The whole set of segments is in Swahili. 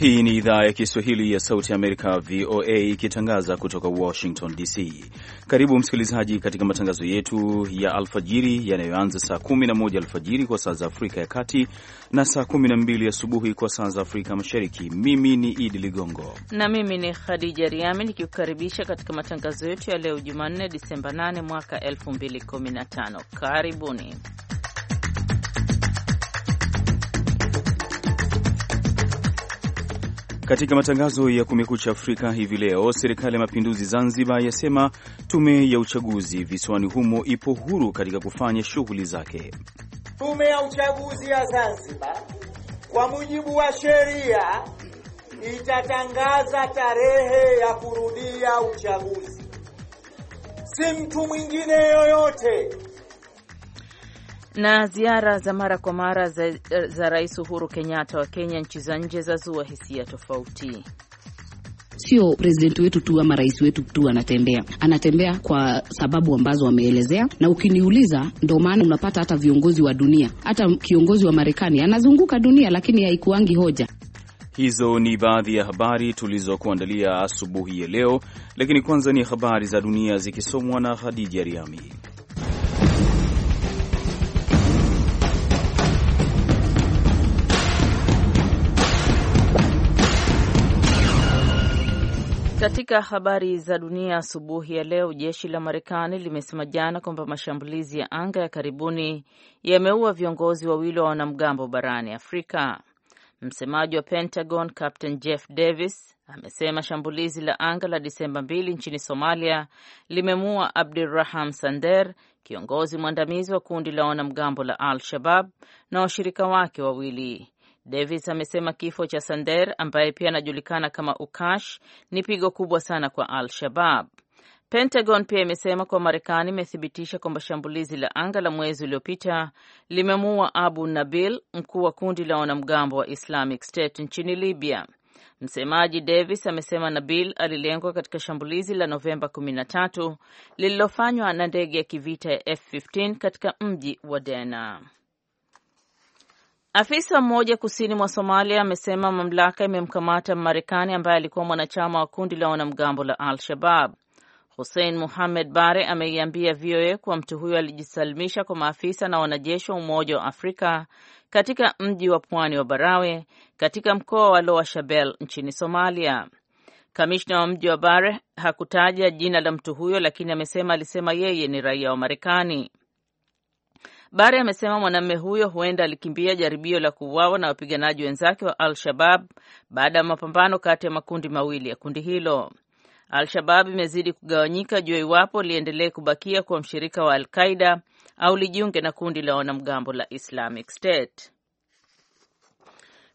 Hii ni idhaa ya Kiswahili ya Sauti Amerika, VOA, ikitangaza kutoka Washington DC. Karibu msikilizaji, katika matangazo yetu ya alfajiri yanayoanza saa 11 alfajiri kwa saa za Afrika ya Kati na saa 12 asubuhi kwa saa za Afrika Mashariki. Mimi ni Idi Ligongo na mimi ni Khadija Riami nikikukaribisha katika matangazo yetu ya leo Jumanne, Disemba 8 mwaka 2015. Karibuni. Katika matangazo ya Kumekucha Afrika hivi leo, serikali ya mapinduzi Zanzibar yasema tume ya uchaguzi visiwani humo ipo huru katika kufanya shughuli zake. Tume ya uchaguzi ya Zanzibar kwa mujibu wa sheria itatangaza tarehe ya kurudia uchaguzi, si mtu mwingine yoyote na ziara za mara kwa mara za, eh, za Rais Uhuru Kenyatta wa Kenya nchi za nje za zua hisia tofauti. Sio president wetu tu ama rais wetu tu anatembea, anatembea kwa sababu ambazo wameelezea, na ukiniuliza, ndo maana unapata hata viongozi wa dunia, hata kiongozi wa Marekani anazunguka dunia, lakini haikuangi hoja. Hizo ni baadhi ya habari tulizokuandalia asubuhi ya leo, lakini kwanza ni habari za dunia zikisomwa na Khadija Riami. Katika habari za dunia asubuhi ya leo, jeshi la Marekani limesema jana kwamba mashambulizi ya anga ya karibuni yameua viongozi wawili wa wanamgambo barani Afrika. Msemaji wa Pentagon Captain Jeff Davis amesema shambulizi la anga la Disemba 2 nchini Somalia limemuua Abdiraham Sander, kiongozi mwandamizi wa kundi la wanamgambo la Al Shabab na washirika wake wawili. Davis amesema kifo cha Sander ambaye pia anajulikana kama Ukash ni pigo kubwa sana kwa Al-Shabab. Pentagon pia imesema kuwa Marekani imethibitisha kwamba shambulizi la anga la mwezi uliopita limemuua Abu Nabil, mkuu wa kundi la wanamgambo wa Islamic State nchini Libya. Msemaji Davis amesema Nabil alilengwa katika shambulizi la Novemba 13 lililofanywa na ndege ya kivita ya F-15 katika mji wa Dena. Afisa mmoja kusini mwa Somalia amesema mamlaka imemkamata marekani ambaye alikuwa mwanachama wa kundi la wanamgambo la Al-Shabab. Hussein Muhamed Bare ameiambia VOA kuwa mtu huyo alijisalimisha kwa maafisa na wanajeshi wa Umoja wa Afrika katika mji wa pwani wa Barawe katika mkoa wa loa shabel nchini Somalia. Kamishna wa mji wa Bare hakutaja jina la mtu huyo, lakini amesema alisema yeye ni raia wa Marekani. Bare amesema mwanamume huyo huenda alikimbia jaribio la kuuawa na wapiganaji wenzake wa Al-Shabab baada ya mapambano kati ya makundi mawili ya kundi hilo. Al-Shabab imezidi kugawanyika juu ya iwapo liendelee kubakia kuwa mshirika wa Al-Qaida au lijiunge na kundi la wanamgambo la Islamic State.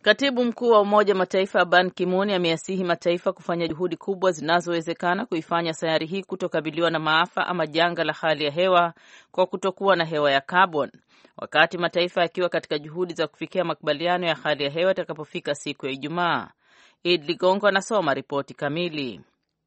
Katibu mkuu wa Umoja Mataifa Ban ki ameasihi ameyasihi mataifa kufanya juhudi kubwa zinazowezekana kuifanya sayari hii kutokabiliwa na maafa ama janga la hali ya hewa kwa kutokuwa na hewa ya carbon, wakati mataifa yakiwa katika juhudi za kufikia makubaliano ya hali ya hewa itakapofika siku ya Ijumaa. Id Ligongo anasoma ripoti kamili.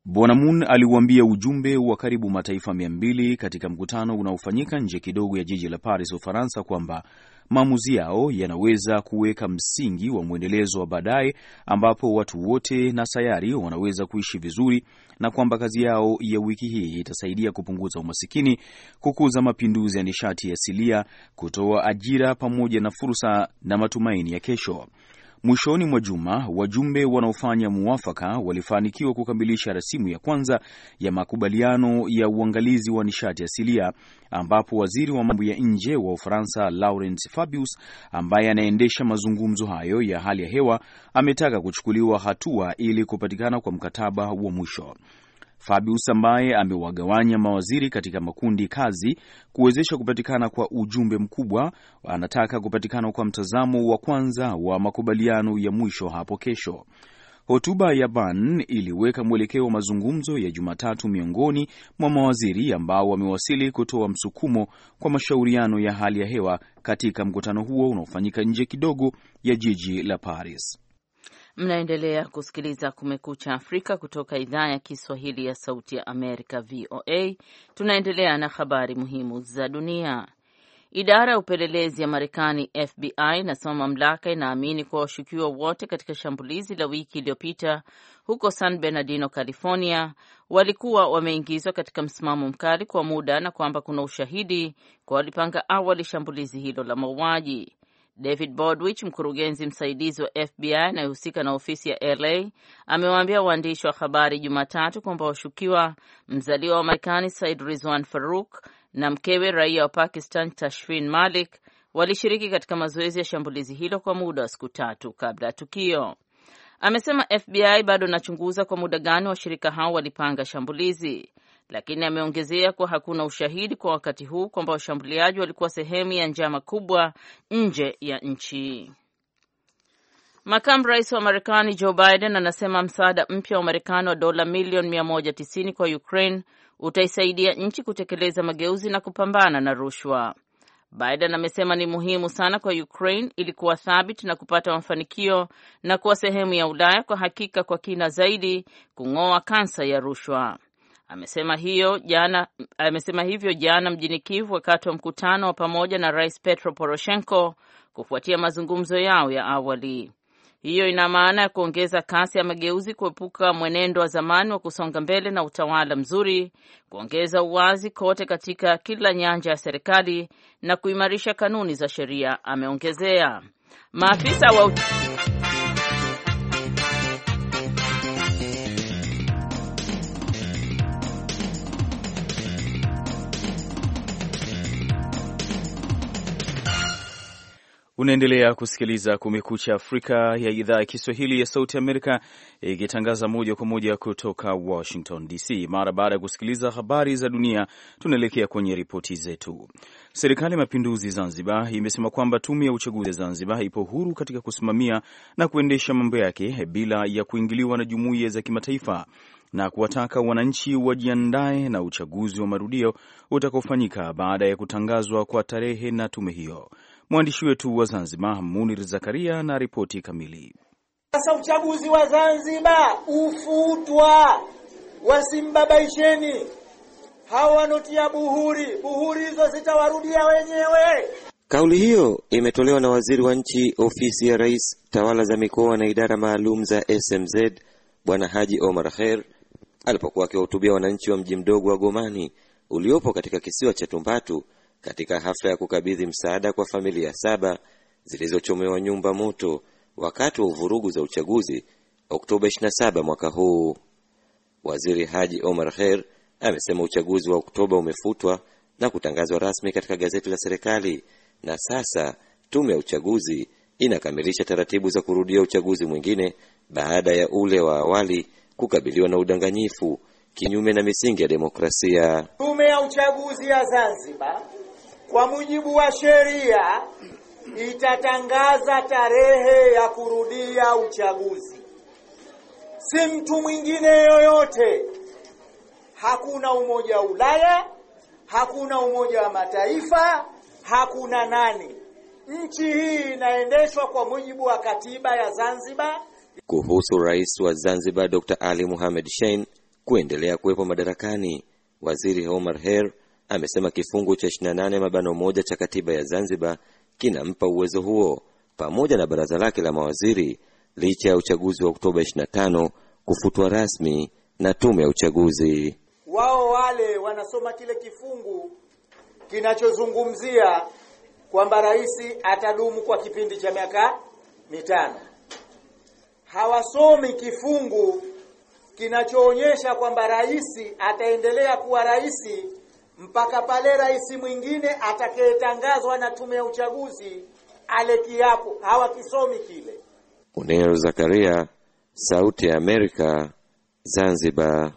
Bwana Moon aliuambia ujumbe wa karibu mataifa mia mbili katika mkutano unaofanyika nje kidogo ya jiji la Paris, Ufaransa, kwamba maamuzi yao yanaweza kuweka msingi wa mwendelezo wa baadaye ambapo watu wote na sayari wanaweza kuishi vizuri na kwamba kazi yao ya wiki hii itasaidia kupunguza umasikini, kukuza mapinduzi ya nishati asilia, kutoa ajira pamoja na fursa na matumaini ya kesho. Mwishoni mwa juma wajumbe wanaofanya muwafaka walifanikiwa kukamilisha rasimu ya kwanza ya makubaliano ya uangalizi wa nishati asilia, ambapo waziri wa mambo ya nje wa Ufaransa Laurent Fabius, ambaye anaendesha mazungumzo hayo ya hali ya hewa, ametaka kuchukuliwa hatua ili kupatikana kwa mkataba wa mwisho. Fabius ambaye amewagawanya mawaziri katika makundi kazi kuwezesha kupatikana kwa ujumbe mkubwa, anataka kupatikana kwa mtazamo wa kwanza wa makubaliano ya mwisho hapo kesho. Hotuba ya Ban iliweka mwelekeo wa mazungumzo ya Jumatatu miongoni mwa mawaziri ambao wamewasili kutoa msukumo kwa mashauriano ya hali ya hewa katika mkutano huo unaofanyika nje kidogo ya jiji la Paris. Mnaendelea kusikiliza Kumekucha Afrika kutoka idhaa ya Kiswahili ya Sauti ya Amerika, VOA. Tunaendelea na habari muhimu za dunia. Idara ya upelelezi ya Marekani, FBI, inasema mamlaka inaamini kuwa washukiwa wote katika shambulizi la wiki iliyopita huko San Bernardino, California, walikuwa wameingizwa katika msimamo mkali kwa muda na kwamba kuna ushahidi kwa walipanga awali shambulizi hilo la mauaji. David bodwich mkurugenzi msaidizi wa FBI anayehusika na ofisi ya LA, amewaambia waandishi wa habari Jumatatu kwamba washukiwa mzaliwa wa Marekani Said Rizwan Faruk na mkewe raia wa Pakistan Tashfin Malik walishiriki katika mazoezi ya shambulizi hilo kwa muda wa siku tatu kabla ya tukio. Amesema FBI bado inachunguza kwa muda gani washirika hao walipanga shambulizi lakini ameongezea kuwa hakuna ushahidi kwa wakati huu kwamba washambuliaji walikuwa sehemu ya njama kubwa nje ya nchi. Makamu rais wa Marekani Joe Biden anasema msaada mpya wa Marekani wa dola milioni 190 kwa Ukraine utaisaidia nchi kutekeleza mageuzi na kupambana na rushwa. Biden amesema ni muhimu sana kwa Ukraine ili kuwa thabiti na kupata mafanikio na kuwa sehemu ya Ulaya kwa hakika kwa kina zaidi kung'oa kansa ya rushwa. Amesema hiyo jana, amesema hivyo jana mjini Kiev wakati wa mkutano wa pamoja na Rais Petro Poroshenko kufuatia mazungumzo yao ya awali. Hiyo ina maana ya kuongeza kasi ya mageuzi, kuepuka mwenendo wa zamani wa kusonga mbele na utawala mzuri, kuongeza uwazi kote katika kila nyanja ya serikali na kuimarisha kanuni za sheria, ameongezea maafisa wa Unaendelea kusikiliza Kumekucha Afrika ya idhaa ya Kiswahili ya Sauti Amerika ikitangaza moja kwa moja kutoka Washington DC. Mara baada ya kusikiliza habari za dunia, tunaelekea kwenye ripoti zetu. Serikali ya Mapinduzi Zanzibar imesema kwamba tume ya uchaguzi ya Zanzibar ipo huru katika kusimamia na kuendesha mambo yake bila ya kuingiliwa na jumuiya za kimataifa na kuwataka wananchi wajiandae na uchaguzi wa marudio utakaofanyika baada ya kutangazwa kwa tarehe na tume hiyo. Mwandishi wetu wa Zanzibar, Munir Zakaria, na ripoti kamili. Sasa uchaguzi wa Zanzibar ufutwa, wasimbabaisheni hawa wanotia buhuri. Buhuri hizo zitawarudia wenyewe. Kauli hiyo imetolewa na waziri wa nchi ofisi ya Rais, tawala za mikoa na idara maalum za SMZ, Bwana Haji Omar Kher alipokuwa akiwahutubia wananchi wa mji mdogo wa Gomani uliopo katika kisiwa cha Tumbatu katika hafla ya kukabidhi msaada kwa familia saba zilizochomewa nyumba moto wakati wa uvurugu za uchaguzi Oktoba 27 mwaka huu. Waziri Haji Omar Kher amesema uchaguzi wa Oktoba umefutwa na kutangazwa rasmi katika gazeti la serikali na sasa tume ya uchaguzi inakamilisha taratibu za kurudia uchaguzi mwingine baada ya ule wa awali kukabiliwa na udanganyifu kinyume na misingi ya demokrasia. Tume ya uchaguzi ya Zanzibar kwa mujibu wa sheria itatangaza tarehe ya kurudia uchaguzi, si mtu mwingine yoyote. Hakuna umoja wa Ulaya, hakuna umoja wa Mataifa, hakuna nani. Nchi hii inaendeshwa kwa mujibu wa katiba ya Zanzibar. Kuhusu rais wa Zanzibar Dr Ali Mohamed Shein kuendelea kuwepo madarakani, waziri Omar Her amesema kifungu cha 28 mabano moja cha katiba ya Zanzibar kinampa uwezo huo pamoja na baraza lake la mawaziri licha ya uchaguzi wa Oktoba 25 kufutwa rasmi na tume ya uchaguzi. Wao wale wanasoma kile kifungu kinachozungumzia kwamba rais atadumu kwa kipindi cha miaka mitano, hawasomi kifungu kinachoonyesha kwamba rais ataendelea kuwa rais mpaka pale rais mwingine atakayetangazwa na tume ya uchaguzi ale kiapo. Hawakisomi kile. Munir Zakaria, Sauti ya Amerika, Zanzibar.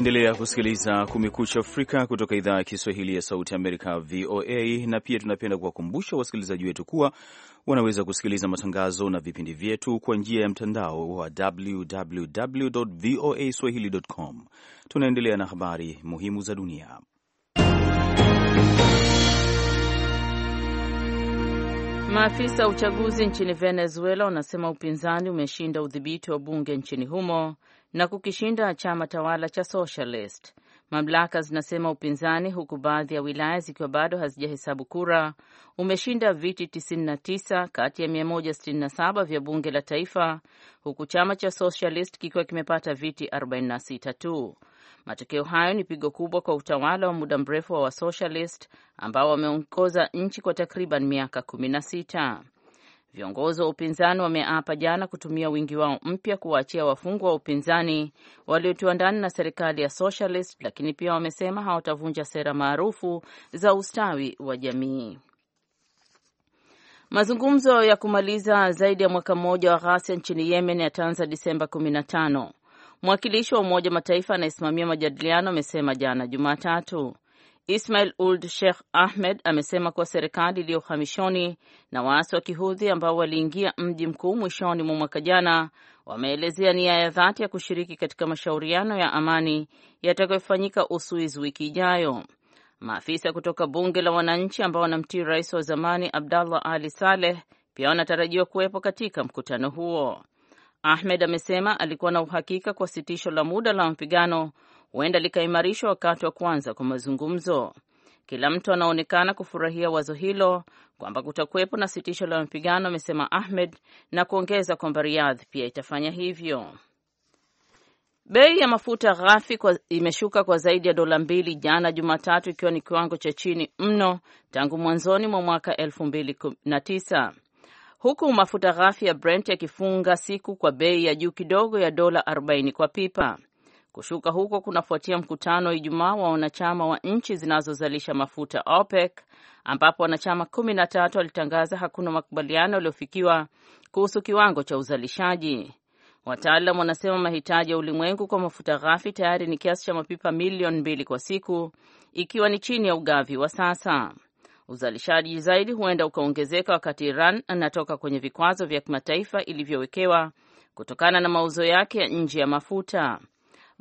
Unaendelea kusikiliza Kumekucha Afrika kutoka idhaa ya Kiswahili ya Sauti Amerika, VOA. Na pia tunapenda kuwakumbusha wasikilizaji wetu kuwa wanaweza kusikiliza matangazo na vipindi vyetu kwa njia ya mtandao wa www voa swahili com. Tunaendelea na habari muhimu za dunia. Maafisa wa uchaguzi nchini Venezuela wanasema upinzani umeshinda udhibiti wa bunge nchini humo na kukishinda chama tawala cha Socialist. Mamlaka zinasema upinzani, huku baadhi ya wilaya zikiwa bado hazijahesabu kura, umeshinda viti 99 kati ya 167 vya bunge la taifa, huku chama cha Socialist kikiwa kimepata viti 46 tu. Matokeo hayo ni pigo kubwa kwa utawala wa muda mrefu wa Wasocialist ambao wameongoza nchi kwa takriban miaka 16. Viongozi wa upinzani wameapa jana kutumia wingi wao mpya kuwaachia wafungwa wa upinzani waliotiwa ndani na serikali ya socialist, lakini pia wamesema hawatavunja sera maarufu za ustawi wa jamii. Mazungumzo ya kumaliza zaidi ya mwaka mmoja wa ghasia nchini Yemen yataanza Disemba 15. Mwakilishi wa Umoja Mataifa anayesimamia majadiliano amesema jana Jumatatu Ismail Uld Sheikh Ahmed amesema kuwa serikali iliyo uhamishoni na waasi wa Kihudhi ambao waliingia mji mkuu mwishoni mwa mwaka jana wameelezea nia ya dhati ya kushiriki katika mashauriano ya amani yatakayofanyika usuizi wiki ijayo. Maafisa kutoka bunge la wananchi ambao wanamtii rais wa zamani Abdallah Ali Saleh pia wanatarajiwa kuwepo katika mkutano huo. Ahmed amesema alikuwa na uhakika kwa sitisho la muda la mapigano huenda likaimarishwa wakati wa kwanza kwa mazungumzo. Kila mtu anaonekana kufurahia wazo hilo kwamba kutakuwepo na sitisho la mapigano, amesema Ahmed na kuongeza kwamba Riyadh pia itafanya hivyo. Bei ya mafuta ghafi kwa imeshuka kwa zaidi ya dola mbili jana Jumatatu, ikiwa ni kiwango cha chini mno tangu mwanzoni mwa mwaka elfu mbili na tisa huku mafuta ghafi ya Brent yakifunga siku kwa bei ya juu kidogo ya dola 40 kwa pipa. Kushuka huko kunafuatia mkutano Ijumaa wa wanachama wa nchi zinazozalisha mafuta OPEC, ambapo wanachama kumi na tatu walitangaza hakuna makubaliano yaliyofikiwa kuhusu kiwango cha uzalishaji. Wataalam wanasema mahitaji ya ulimwengu kwa mafuta ghafi tayari ni kiasi cha mapipa milioni mbili kwa siku, ikiwa ni chini ya ugavi wa sasa. Uzalishaji zaidi huenda ukaongezeka wakati Iran anatoka kwenye vikwazo vya kimataifa ilivyowekewa kutokana na mauzo yake ya nje ya mafuta.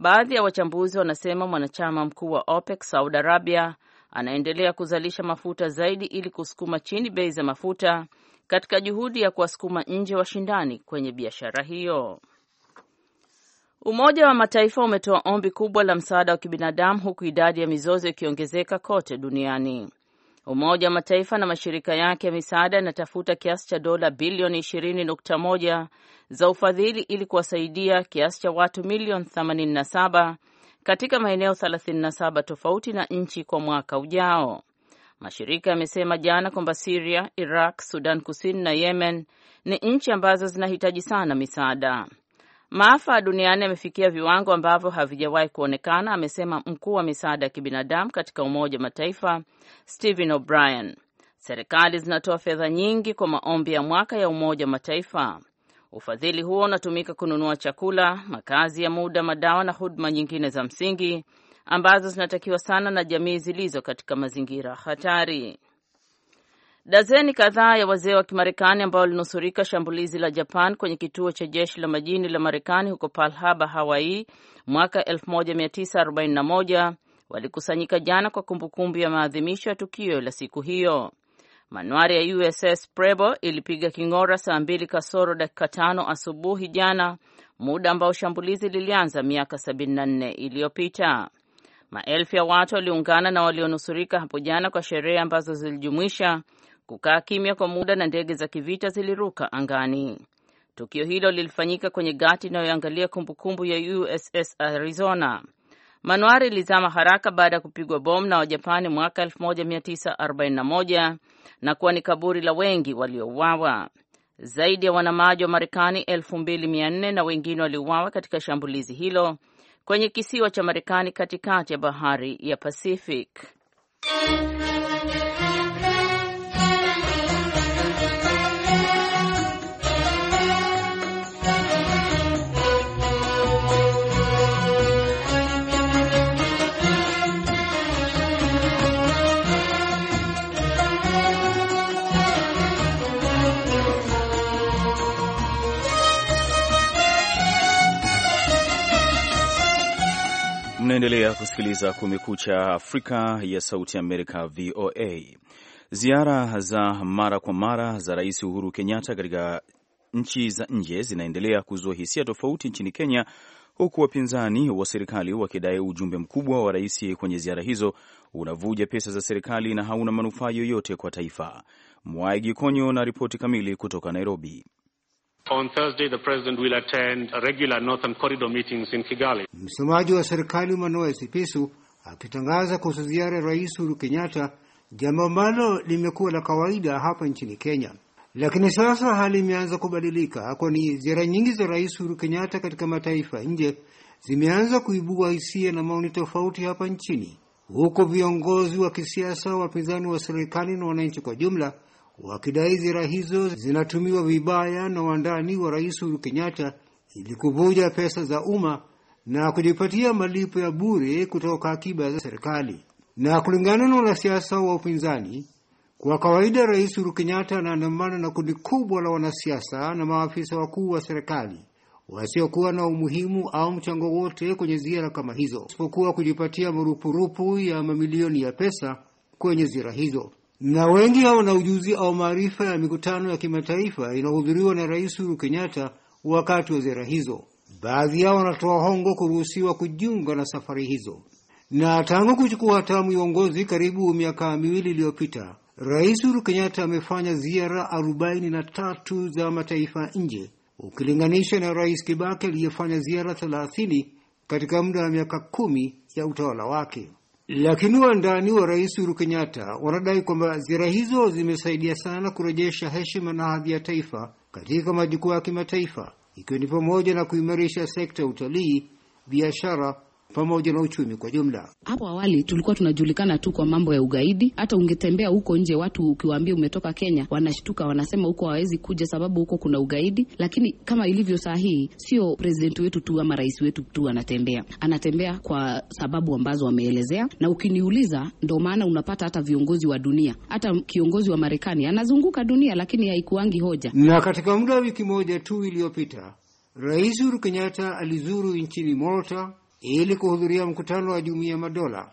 Baadhi ya wachambuzi wanasema mwanachama mkuu wa OPEC Saudi Arabia anaendelea kuzalisha mafuta zaidi ili kusukuma chini bei za mafuta katika juhudi ya kuwasukuma nje washindani kwenye biashara hiyo. Umoja wa Mataifa umetoa ombi kubwa la msaada wa kibinadamu huku idadi ya mizozo ikiongezeka kote duniani. Umoja wa Mataifa na mashirika yake ya misaada yanatafuta kiasi cha dola bilioni 20.1 za ufadhili ili kuwasaidia kiasi cha watu milioni 87 katika maeneo 37 tofauti na nchi kwa mwaka ujao. Mashirika yamesema jana kwamba Siria, Iraq, Sudan Kusini na Yemen ni nchi ambazo zinahitaji sana misaada. Maafa duniani yamefikia viwango ambavyo havijawahi kuonekana, amesema mkuu wa misaada ya kibinadamu katika Umoja wa Mataifa Stephen O'Brien. Serikali zinatoa fedha nyingi kwa maombi ya mwaka ya Umoja wa Mataifa. Ufadhili huo unatumika kununua chakula, makazi ya muda, madawa na huduma nyingine za msingi ambazo zinatakiwa sana na jamii zilizo katika mazingira hatari. Dazeni kadhaa ya wazee wa Kimarekani ambao walinusurika shambulizi la Japan kwenye kituo cha jeshi la majini la Marekani huko Pearl Harbor, Hawaii mwaka 1941 walikusanyika jana kwa kumbukumbu ya maadhimisho ya tukio la siku hiyo. Manuari ya USS Prebo ilipiga king'ora saa mbili kasoro dakika tano asubuhi jana, muda ambao shambulizi lilianza miaka 74 iliyopita. Maelfu ya watu waliungana na walionusurika hapo jana kwa sherehe ambazo zilijumuisha kukaa kimya kwa muda na ndege za kivita ziliruka angani. Tukio hilo lilifanyika kwenye gati inayoangalia kumbukumbu ya USS Arizona. Manuari ilizama haraka baada ya kupigwa bomu na Wajapani mwaka 1941 na kuwa ni kaburi la wengi waliouawa. Zaidi ya wanamaji wa Marekani 2400 na wengine waliuawa katika shambulizi hilo kwenye kisiwa cha Marekani katikati ya bahari ya Pacific. Unaendelea kusikiliza Kumekucha Afrika ya Sauti Amerika, VOA. Ziara za mara kwa mara za Rais Uhuru Kenyatta katika nchi za nje zinaendelea kuzua hisia tofauti nchini Kenya, huku wapinzani wa serikali wakidai ujumbe mkubwa wa rais kwenye ziara hizo unavuja pesa za serikali na hauna manufaa yoyote kwa taifa. Mwaigi Konyo na ripoti kamili kutoka Nairobi. On Thursday, the President will attend regular Northern Corridor meetings in Kigali. Msemaji wa serikali Manoa Esipisu akitangaza kuhusu ziara ya Rais Uhuru Kenyatta, jambo ambalo limekuwa la kawaida hapa nchini Kenya. Lakini sasa hali imeanza kubadilika, kwani ziara nyingi za Rais Uhuru Kenyatta katika mataifa nje zimeanza kuibua hisia na maoni tofauti hapa nchini, huku viongozi wa kisiasa, wapinzani wa serikali na wananchi kwa jumla wakidai ziara hizo zinatumiwa vibaya na wandani wa Rais Uhuru Kenyatta ili kuvuja pesa za umma na kujipatia malipo ya bure kutoka akiba za serikali. Na kulingana na wanasiasa wa upinzani, kwa kawaida Rais Uhuru Kenyatta anaandamana na kundi kubwa la wanasiasa na maafisa wakuu wa serikali wasiokuwa na umuhimu au mchango wote kwenye ziara kama hizo, isipokuwa kujipatia marupurupu ya mamilioni ya pesa kwenye ziara hizo na wengi hao na ujuzi au maarifa ya mikutano ya kimataifa inayohudhuriwa na Rais Uhuru Kenyatta wakati wa ziara hizo. Baadhi yao wanatoa hongo kuruhusiwa kujiunga na safari hizo. Na tangu kuchukua hatamu uongozi karibu miaka miwili iliyopita, Rais Uhuru Kenyatta amefanya ziara 43 za mataifa nje ukilinganisha na Rais Kibaki aliyefanya ziara 30 katika muda wa miaka kumi ya utawala wake. Lakini wandani wa Rais Uhuru Kenyatta wanadai kwamba ziara hizo zimesaidia sana kurejesha heshima na hadhi ya taifa katika majukwaa ya kimataifa, ikiwa ni pamoja na kuimarisha sekta ya utalii, biashara pamoja na uchumi kwa jumla. Hapo awali tulikuwa tunajulikana tu kwa mambo ya ugaidi. Hata ungetembea huko nje, watu ukiwaambia umetoka Kenya wanashtuka, wanasema huko hawawezi kuja sababu huko kuna ugaidi. Lakini kama ilivyo saa hii, sio presidenti wetu tu ama rais wetu tu anatembea, anatembea kwa sababu ambazo wameelezea, na ukiniuliza, ndo maana unapata hata viongozi wa dunia, hata kiongozi wa Marekani anazunguka dunia, lakini haikuangi hoja. Na katika muda wa wiki moja tu iliyopita, Rais Uhuru Kenyatta alizuru nchini Malta ili kuhudhuria mkutano wa Jumuiya Madola.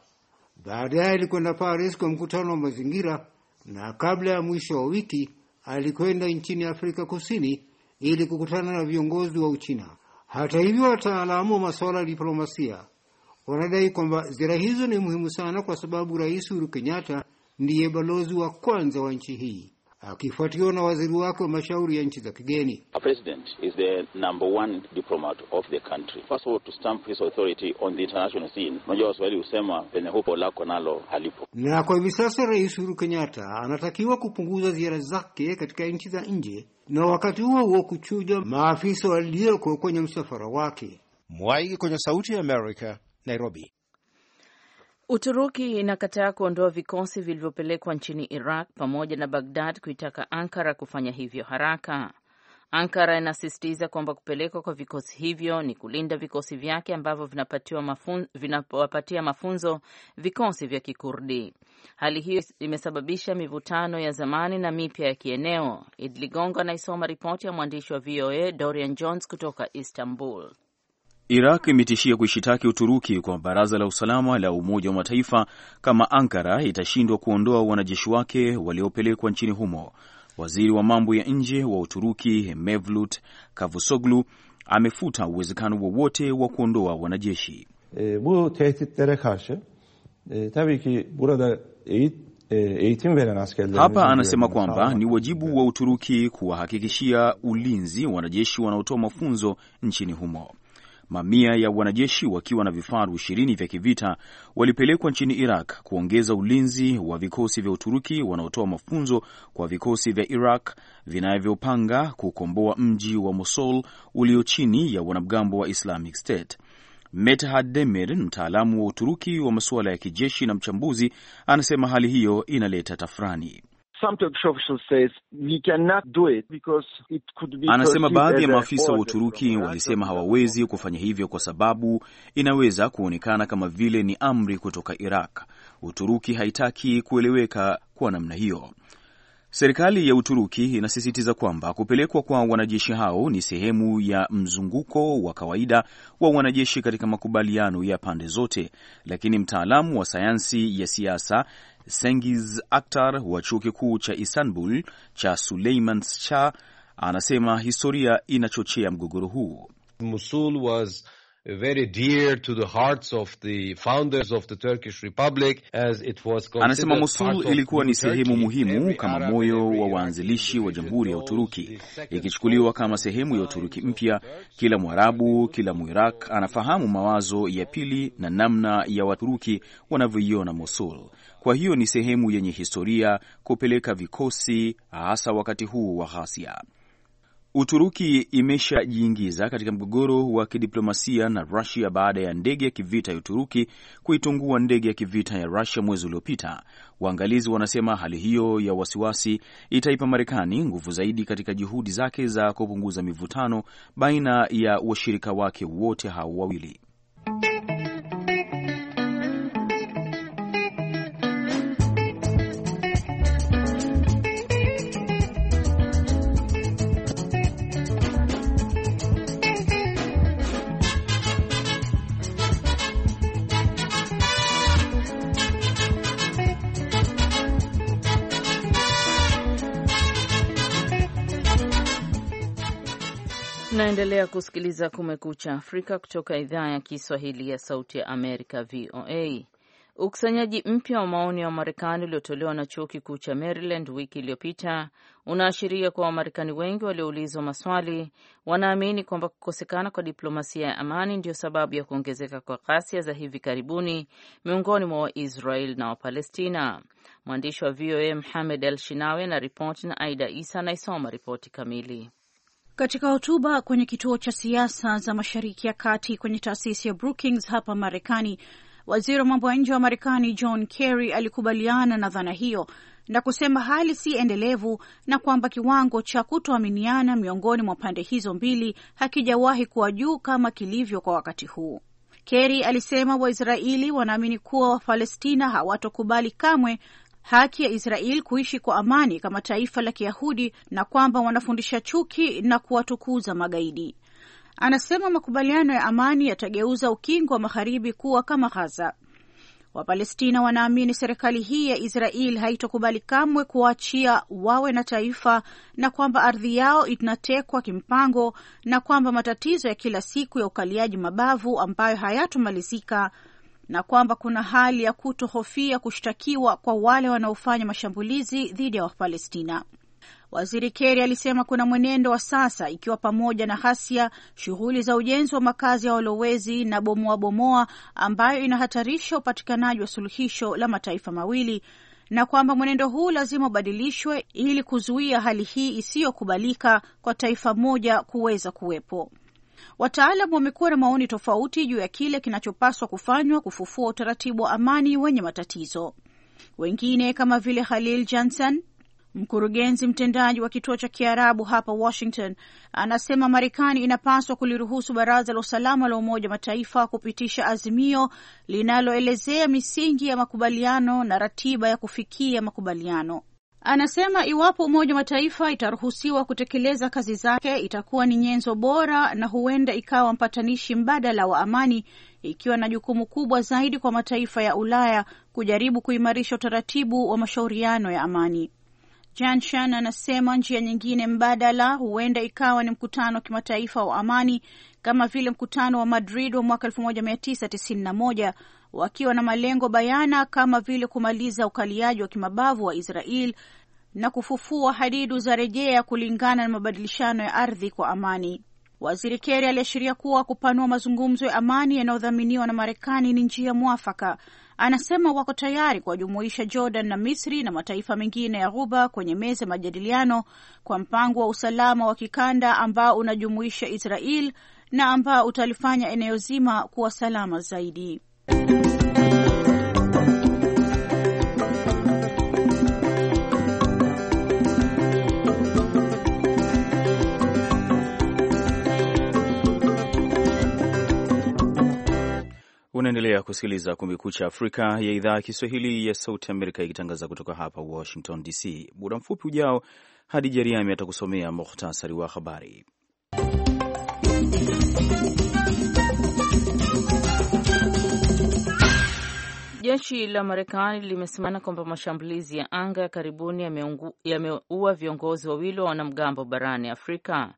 Baadaye alikwenda Paris kwa mkutano wa mazingira, na kabla ya mwisho wa wiki alikwenda nchini Afrika Kusini ili kukutana na viongozi wa Uchina. Hata hivyo, wataalamu wa masuala ya diplomasia wanadai kwamba ziara hizo ni muhimu sana kwa sababu Rais Uhuru Kenyatta ndiye balozi wa kwanza wa nchi hii akifuatiwa na waziri wake wa mashauri ya nchi za kigeni. A president is the number one diplomat of the country. First of all, to stamp his authority on the international scene. Unajua Waswahili husema penye hupo lako nalo halipo. Na kwa hivi sasa Rais Uhuru Kenyatta anatakiwa kupunguza ziara zake katika nchi za nje na wakati huo huo kuchuja maafisa walioko kwenye msafara wake. Mwaiki kwenye Sauti ya Amerika, Nairobi. Uturuki inakataa kuondoa vikosi vilivyopelekwa nchini Iraq pamoja na Bagdad kuitaka Ankara kufanya hivyo haraka. Ankara inasisitiza kwamba kupelekwa kwa vikosi hivyo ni kulinda vikosi vyake ambavyo vinawapatia mafunzo vikosi vya Kikurdi. Hali hiyo imesababisha mivutano ya zamani na mipya ya kieneo. Id Ligongo anaisoma ripoti ya mwandishi wa VOA Dorian Jones kutoka Istanbul. Iraq imetishia kuishitaki Uturuki kwa Baraza la Usalama la Umoja wa Mataifa kama Ankara itashindwa kuondoa wanajeshi wake waliopelekwa nchini humo. Waziri wa mambo ya nje wa Uturuki Mevlut Cavusoglu amefuta uwezekano wowote wa kuondoa wanajeshi. E, bu tehditlere e, tabii ki burada eğit, e, eğitim veren askerlerimiz. Hapa anasema kwamba ni wajibu wa Uturuki kuwahakikishia ulinzi wanajeshi wanaotoa mafunzo nchini humo. Mamia ya wanajeshi wakiwa na vifaru ishirini vya kivita walipelekwa nchini Iraq kuongeza ulinzi wa vikosi vya Uturuki wanaotoa mafunzo kwa vikosi vya Iraq vinavyopanga kukomboa mji wa Mosul ulio chini ya wanamgambo wa Islamic State. Methad Demir, mtaalamu wa Uturuki wa masuala ya kijeshi na mchambuzi, anasema hali hiyo inaleta tafrani. Some officials says we cannot do it because it could be. Anasema baadhi ya maafisa wa Uturuki walisema hawawezi kufanya hivyo kwa sababu inaweza kuonekana kama vile ni amri kutoka Iraq. Uturuki haitaki kueleweka kwa namna hiyo. Serikali ya Uturuki inasisitiza kwamba kupelekwa kwa wanajeshi hao ni sehemu ya mzunguko wa kawaida wa wanajeshi katika makubaliano ya pande zote, lakini mtaalamu wa sayansi ya siasa Sengiz Aktar wa chuo kikuu cha Istanbul cha Suleiman Shah anasema historia inachochea mgogoro huu. Mosul was very dear to the hearts of the founders of the Turkish Republic as it was anasema Mosul ilikuwa ni sehemu muhimu kama moyo wa waanzilishi wa Jamhuri ya Uturuki, ikichukuliwa kama sehemu ya Uturuki mpya. Kila Mwarabu, kila Muiraq anafahamu mawazo ya pili na namna ya Waturuki wanavyoiona Mosul. Kwa hiyo ni sehemu yenye historia kupeleka vikosi hasa wakati huu wa ghasia. Uturuki imeshajiingiza katika mgogoro wa kidiplomasia na Rusia baada ya ndege ya kivita ya Uturuki kuitungua ndege ya kivita ya Rusia mwezi uliopita. Waangalizi wanasema hali hiyo ya wasiwasi itaipa Marekani nguvu zaidi katika juhudi zake za kupunguza mivutano baina ya washirika wake wote hao wawili. Naendelea kusikiliza Kumekucha Afrika kutoka idhaa ya Kiswahili ya Sauti ya Amerika, VOA. Ukusanyaji mpya wa maoni ya Wamarekani uliotolewa na chuo kikuu cha Maryland wiki iliyopita unaashiria kuwa Wamarekani wengi walioulizwa maswali wanaamini kwamba kukosekana kwa diplomasia ya amani ndiyo sababu ya kuongezeka kwa ghasia za hivi karibuni miongoni mwa waisrael na Wapalestina. Mwandishi wa VOA mhamed Al Shinawe na ripoti na Aida Isa anaisoma ripoti kamili. Katika hotuba kwenye kituo cha siasa za Mashariki ya Kati kwenye taasisi ya Brookings hapa Marekani, waziri wa mambo ya nje wa Marekani John Kerry alikubaliana na dhana hiyo na kusema hali si endelevu na kwamba kiwango cha kutoaminiana miongoni mwa pande hizo mbili hakijawahi kuwa juu kama kilivyo kwa wakati huu. Kerry alisema Waisraeli wanaamini kuwa Wapalestina hawatokubali kamwe haki ya Israel kuishi kwa amani kama taifa la Kiyahudi na kwamba wanafundisha chuki na kuwatukuza magaidi. Anasema makubaliano ya amani yatageuza ukingo wa magharibi kuwa kama Ghaza. Wapalestina wanaamini serikali hii ya Israel haitokubali kamwe kuwaachia wawe na taifa na kwamba ardhi yao inatekwa kimpango na kwamba matatizo ya kila siku ya ukaliaji mabavu ambayo hayatomalizika na kwamba kuna hali ya kutohofia kushtakiwa kwa wale wanaofanya mashambulizi dhidi ya Wapalestina. Waziri Keri alisema kuna mwenendo wa sasa, ikiwa pamoja na ghasia, shughuli za ujenzi wa makazi ya walowezi na bomoa bomoa, ambayo inahatarisha upatikanaji wa suluhisho la mataifa mawili, na kwamba mwenendo huu lazima ubadilishwe ili kuzuia hali hii isiyokubalika kwa taifa moja kuweza kuwepo. Wataalam wamekuwa na maoni tofauti juu ya kile kinachopaswa kufanywa kufufua utaratibu wa amani wenye matatizo. Wengine kama vile Khalil Johnson, mkurugenzi mtendaji wa kituo cha Kiarabu hapa Washington, anasema Marekani inapaswa kuliruhusu Baraza la Usalama la Umoja wa Mataifa kupitisha azimio linaloelezea misingi ya makubaliano na ratiba ya kufikia makubaliano. Anasema iwapo Umoja wa Mataifa itaruhusiwa kutekeleza kazi zake itakuwa ni nyenzo bora na huenda ikawa mpatanishi mbadala wa amani, ikiwa na jukumu kubwa zaidi kwa mataifa ya Ulaya kujaribu kuimarisha utaratibu wa mashauriano ya amani. Janshan anasema njia nyingine mbadala huenda ikawa ni mkutano wa kimataifa wa amani kama vile mkutano wa Madrid wa mwaka wakiwa na malengo bayana kama vile kumaliza ukaliaji wa kimabavu wa Israel na kufufua hadidu za rejea kulingana na mabadilishano ya ardhi kwa amani. Waziri Kerry aliashiria kuwa kupanua mazungumzo ya amani yanayodhaminiwa na Marekani ni njia mwafaka. Anasema wako tayari kuwajumuisha Jordan na Misri na mataifa mengine ya Ghuba kwenye meza ya majadiliano kwa mpango wa usalama wa kikanda ambao unajumuisha Israel na ambao utalifanya eneo zima kuwa salama zaidi. Unaendelea kusikiliza Kumekucha Afrika ya idhaa ya Kiswahili ya Sauti Amerika ikitangaza kutoka hapa Washington DC. Muda mfupi ujao, hadi Jeriami atakusomea muhtasari wa habari. Jeshi la Marekani limesemana kwamba mashambulizi ya anga ya karibuni yameua viongozi wawili wa wanamgambo barani Afrika.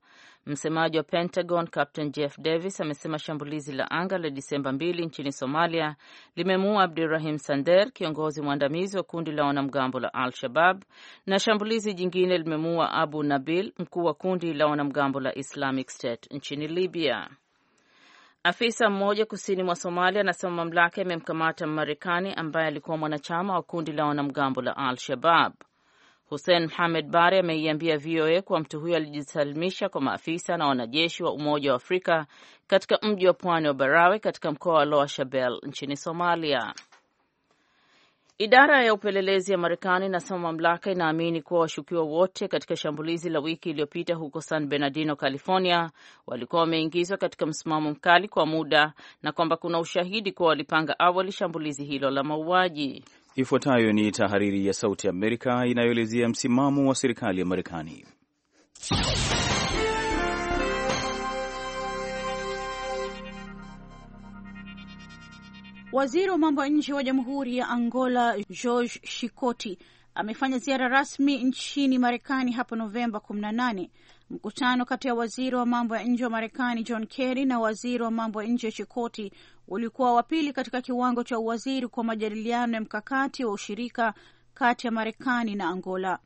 Msemaji wa Pentagon Captain Jeff Davis amesema shambulizi la anga la Disemba 2 nchini Somalia limemuua Abdurahim Sander, kiongozi mwandamizi wa kundi la wanamgambo la Al-Shabab, na shambulizi jingine limemuua Abu Nabil, mkuu wa kundi la wanamgambo la Islamic State nchini Libya. Afisa mmoja kusini mwa Somalia anasema mamlaka yamemkamata Mmarekani ambaye alikuwa mwanachama wa kundi la wanamgambo la Al-Shabab. Hussein Mohamed Bare ameiambia VOA kuwa mtu huyo alijisalimisha kwa maafisa na wanajeshi wa Umoja wa Afrika katika mji wa pwani wa Barawe katika mkoa wa loa shabel nchini Somalia. Idara ya upelelezi ya Marekani inasema mamlaka inaamini kuwa washukiwa wote katika shambulizi la wiki iliyopita huko San Bernardino, California, walikuwa wameingizwa katika msimamo mkali kwa muda na kwamba kuna ushahidi kuwa walipanga awali shambulizi hilo la mauaji. Ifuatayo ni tahariri ya Sauti ya Amerika inayoelezea msimamo wa serikali ya Marekani. Waziri wa mambo ya nje wa Jamhuri ya Angola George Shikoti amefanya ziara rasmi nchini Marekani hapo Novemba 18 Mkutano kati ya waziri wa mambo ya nje wa Marekani John Kerry na waziri wa mambo ya nje ya Chikoti ulikuwa wa pili katika kiwango cha uwaziri kwa majadiliano ya mkakati wa ushirika kati ya Marekani na Angola.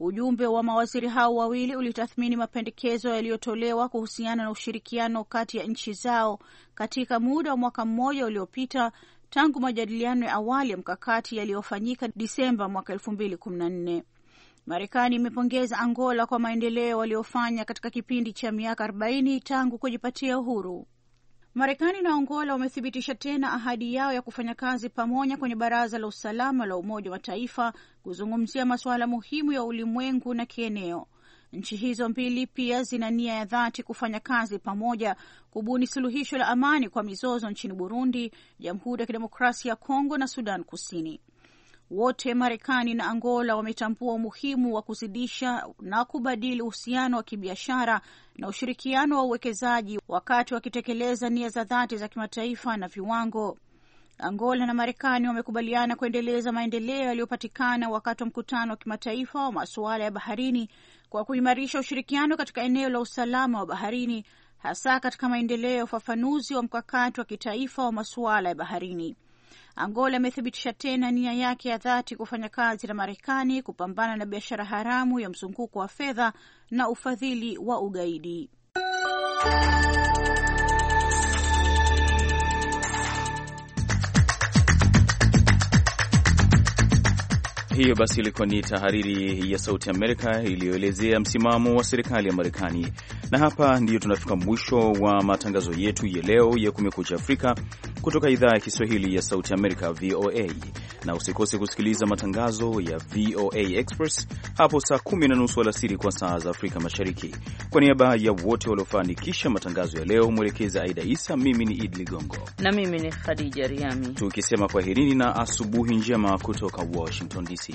Ujumbe wa mawaziri hao wawili ulitathmini mapendekezo yaliyotolewa kuhusiana na ushirikiano kati ya nchi zao katika muda wa mwaka mmoja uliopita tangu majadiliano ya awali ya mkakati yaliyofanyika Disemba mwaka 2014. Marekani imepongeza Angola kwa maendeleo waliofanya katika kipindi cha miaka 40 tangu kujipatia uhuru. Marekani na Angola wamethibitisha tena ahadi yao ya kufanya kazi pamoja kwenye Baraza la Usalama la Umoja wa Mataifa kuzungumzia masuala muhimu ya ulimwengu na kieneo. Nchi hizo mbili pia zina nia ya dhati kufanya kazi pamoja kubuni suluhisho la amani kwa mizozo nchini Burundi, Jamhuri ya Kidemokrasia ya Kongo na Sudan Kusini wote Marekani na Angola wametambua umuhimu wa kuzidisha na kubadili uhusiano wa kibiashara na ushirikiano wa uwekezaji wakati wakitekeleza nia za dhati za kimataifa na viwango. Angola na Marekani wamekubaliana kuendeleza maendeleo yaliyopatikana wakati wa mkutano wa kimataifa wa masuala ya baharini kwa kuimarisha ushirikiano katika eneo la usalama wa baharini, hasa katika maendeleo ya ufafanuzi wa mkakati wa kitaifa wa masuala ya baharini. Angola imethibitisha tena nia yake ya dhati kufanya kazi na Marekani kupambana na biashara haramu ya mzunguko wa fedha na ufadhili wa ugaidi. Hiyo basi ilikuwa ni tahariri ya Sauti Amerika iliyoelezea msimamo wa serikali ya Marekani. Na hapa ndiyo tunafika mwisho wa matangazo yetu ya leo ya Kumekucha Afrika kutoka idhaa ya Kiswahili ya Sauti Amerika, VOA, na usikose kusikiliza matangazo ya VOA Express hapo saa kumi na nusu alasiri kwa saa za Afrika Mashariki. Kwa niaba ya wote waliofanikisha matangazo ya leo, mwelekezi Aida Isa, mimi ni Idi Ligongo na mimi ni Khadija Riami, tukisema kwaherini na asubuhi njema kutoka Washington DC.